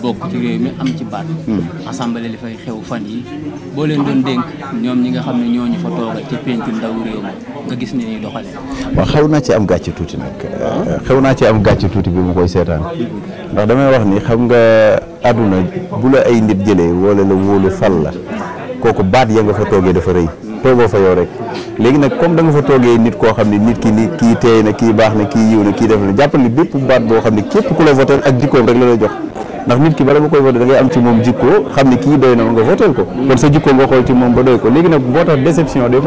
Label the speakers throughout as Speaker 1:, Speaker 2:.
Speaker 1: bokk ci réew mi am ci baat hmm. assemblée li fay xew fan yi boo leen doon dénk ñoom ñi nga xam ne ñooñu fa toogal ci pencu ndaw réew mi nga gis ni ñuy doxale waaw xew naa ci am gàcce tuuti nag xew naa ci am gàcce tuuti bi mu koy seetaan ndax damay wax ni xam nga àdduna bu la ay nit jële wala la wóolu fal la kooku baat ya nga fa toogee dafa rëy toogoo fa yow rek léegi nag comme da nga fa toogee nit koo xam ne nit ki ni kii teey na kii baax na kii yiw na kii def na jàppal ni bépp baat boo xam ne képp ku la voté ak rek la la jox ndax nit ki bala nga koy voté da ngay am ci moom jikkoo xam ne kii doy na ma nga votel ko mm-hmm. kon sa jikkoo nga xool ci moom ba doy ko léegi nag boo tax déception mm-hmm.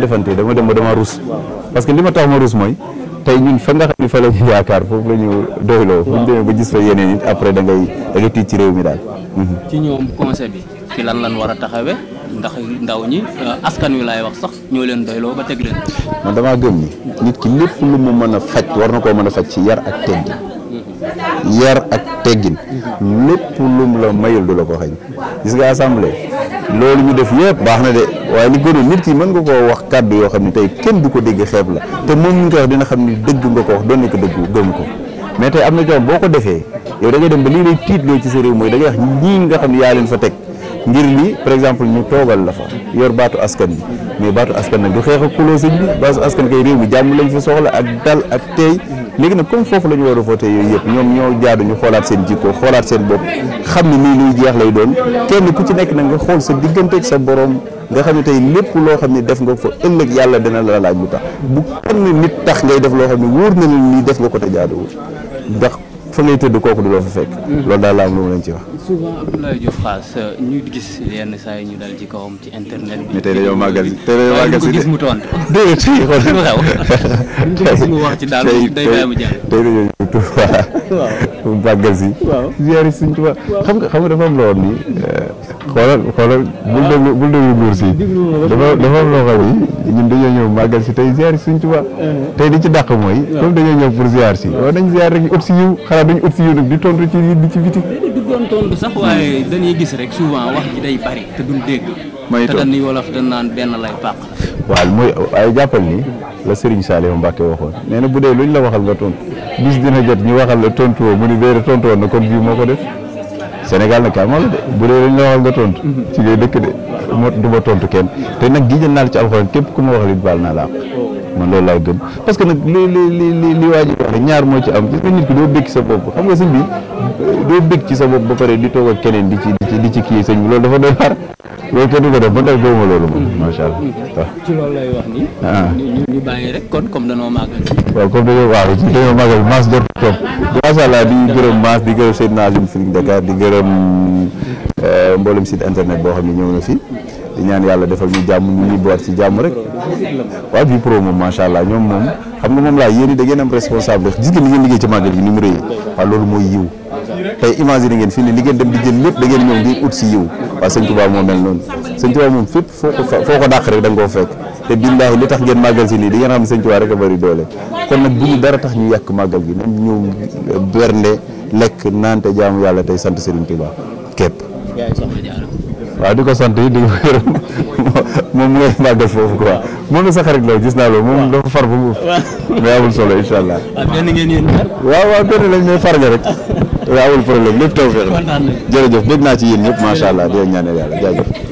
Speaker 1: defante dama dem ba dama rus parce que li ma tax ma rus mooy tey ñun fa nga xam ne fa la yaakaar foofu la ñu doyloo ba gis fa yeneen it après da tiit ci réew mi daal ci lan lan war a taxawee ndax ndaw ñi euh, askan wi laay wax sax ñoo leen doyloo ba teg leen. man damaa gëm nit ki lépp lu mu mën a faj war na koo mën a faj ci yar ak teggin yar ak teggin lépp lu mu la mayul du la ko xañ gis nga assemblée loolu ñu def yëpp baax na de waaye li gënoon nit ki mën nga koo wax kàddu yoo xam ne tey kenn du ko dégg xeeb la te moom ñu ngi koy wax dina xam ni dëgg nga koo wax doon na ko gëm ko mais tey am na jox boo ko defee yow da dem ba lii lay tiitloo nga xam ne yaa leen fa teg. ngir lii par exemple ñu toogal la fa yor baatu askan bi mais baatu askan nag du xeex ak xuloo sëñ bi baatu askan kay réew mi jàmm lañ fi soxla ak dal ak teey léegi nag comme foofu la ñu war a voté yooyu yëpp ñoom ñoo jaadu ñu xoolaat seen jikko xoolaat seen bopp xam ne nii luy jeex lay doon kenn ku ci nekk nag nga xool sa diggante ak sa borom nga xam ne tey lépp loo xam ne def nga fa ëllëg yàlla dina la laaj lu tax bu kenn nit tax ngay def loo xam ne wóor na def nga ko te fa ngay tëdd kooku du loo fa fekk. Mm-hmm. loolu daal laa am lu ma leen ci wax. souvent Abdoulaye euh, ñu gis yenn saa yi ñu dal ci kawam ci internet bi. tey dañoo màggal tey dañoo màggal si gis mu tontu. déedéet tey xool. lu mu wax ci daal day bàyyi mu jàll. tey bàggal si. waaw ziyaari suñ tubaab xam nga xam nga dafa am loo xam ni eh, xoolal xoolal bul déglu bul déglu si dafa dafa am loo xam ni ñun dañoo ñëw màggal si tey ziyaari suñ tubaab eh. tey di ci dàq mooy comme dañoo ñëw pour ziyaar si waaw nañ ziyaar rek ñu ut si yiw xalaat dañu ut si yiw nag di tontu ci di ci biti waaw mooy ay jàppal ni la Serigne Saliou Mbacke waxoon nee na bu dee lu luñ la waxal nga tontu bis dina jot ñu waxal la tontu woo mu ni béere tontu woon na kon bii moo ko def Sénégal nag kàmm la bu dee luñ nga tontu. dëkk de moo du ma tontu kenn te nag giñal naa la ci alxuraan képp ku ma wax it baal naa la man loolu laa gëm parce que nag li li li li waa wax ñaar moo ci am gis nga nit ki doo békki sa bopp xam nga sëñ bi. doo bëgg ci sa bopp ba pare di toog ak keneen di ci di ci kii sëñ bi loolu dafa doy waar loolu kenn du ko def ba tax gëwuma loolu moom macha allah waaw hmm. ci loolu ah. kon comme dañoo màggal waaw comme dañoo waaw dañoo màggal maas jot toog macha allah di gërëm maas di gërëm Seydina Azim di gërëm euh, mboolem site internet boo xam ne ñëw na fi di ñaan yàlla defal ñu jàmm ñu ñibbiwaat ci jàmm rek waaw bi pro moom macha allah ñoom moom xam nga moom laa yéen da am responsable gis ngeen li ngeen liggéey ci màggal gi ni mu rëy waaw loolu mooy yiw tey imaginer ngeen fii ne li ngeen dem di jël lépp da ngeen ñëw ngir ut si yiw waaw sëñ Tuubaa moo mel noonu sëñ Tuubaa moom fépp foo ko foo ko dàq rek da nga koo fekk te billaahi li tax ngeen màggal si lii di ngeen a bëri di ko sant yi di ko gërëm moom ngay màggal foofu quoi moom la sa xarit la naa loolu moom dafa far ba mu mais amul solo waaw benn benn lañ may far nga rek. amul problème lépp taw feex na jërëjëf bëgg naa ci yéen ñëpp macha allah di ñaanal yàlla jaajëf